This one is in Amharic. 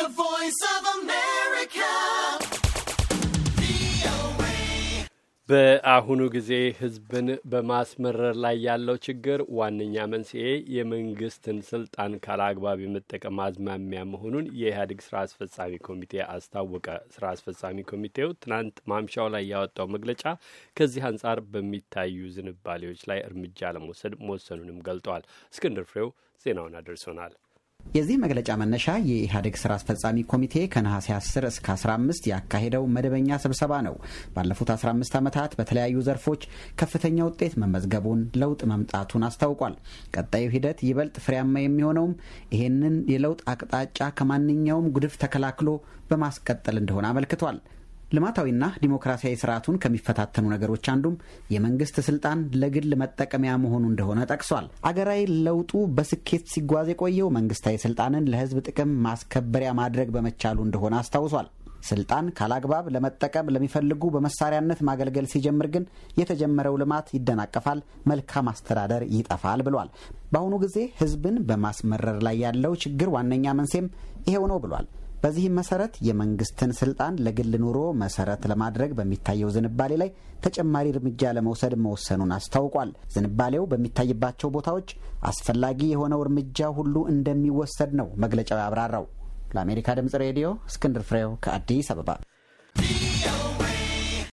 The Voice of America. በአሁኑ ጊዜ ህዝብን በማስመረር ላይ ያለው ችግር ዋነኛ መንስኤ የመንግስትን ስልጣን ካለአግባብ የመጠቀም አዝማሚያ መሆኑን የኢህአዴግ ስራ አስፈጻሚ ኮሚቴ አስታወቀ። ስራ አስፈጻሚ ኮሚቴው ትናንት ማምሻው ላይ ያወጣው መግለጫ ከዚህ አንጻር በሚታዩ ዝንባሌዎች ላይ እርምጃ ለመውሰድ መወሰኑንም ገልጧል። እስክንድር ፍሬው ዜናውን አድርሶናል። የዚህ መግለጫ መነሻ የኢህአዴግ ስራ አስፈጻሚ ኮሚቴ ከነሐሴ 10 እስከ 15 ያካሄደው መደበኛ ስብሰባ ነው። ባለፉት 15 ዓመታት በተለያዩ ዘርፎች ከፍተኛ ውጤት መመዝገቡን፣ ለውጥ መምጣቱን አስታውቋል። ቀጣዩ ሂደት ይበልጥ ፍሬያማ የሚሆነውም ይህንን የለውጥ አቅጣጫ ከማንኛውም ጉድፍ ተከላክሎ በማስቀጠል እንደሆነ አመልክቷል። ልማታዊና ዲሞክራሲያዊ ስርዓቱን ከሚፈታተኑ ነገሮች አንዱም የመንግስት ስልጣን ለግል መጠቀሚያ መሆኑ እንደሆነ ጠቅሷል። አገራዊ ለውጡ በስኬት ሲጓዝ የቆየው መንግስታዊ ስልጣንን ለህዝብ ጥቅም ማስከበሪያ ማድረግ በመቻሉ እንደሆነ አስታውሷል። ስልጣን ካላግባብ ለመጠቀም ለሚፈልጉ በመሳሪያነት ማገልገል ሲጀምር ግን የተጀመረው ልማት ይደናቀፋል፣ መልካም አስተዳደር ይጠፋል ብሏል። በአሁኑ ጊዜ ህዝብን በማስመረር ላይ ያለው ችግር ዋነኛ መንስኤም ይሄው ነው ብሏል። በዚህም መሰረት የመንግስትን ስልጣን ለግል ኑሮ መሰረት ለማድረግ በሚታየው ዝንባሌ ላይ ተጨማሪ እርምጃ ለመውሰድ መወሰኑን አስታውቋል። ዝንባሌው በሚታይባቸው ቦታዎች አስፈላጊ የሆነው እርምጃ ሁሉ እንደሚወሰድ ነው መግለጫው ያብራራው። ለአሜሪካ ድምጽ ሬዲዮ እስክንድር ፍሬው ከአዲስ አበባ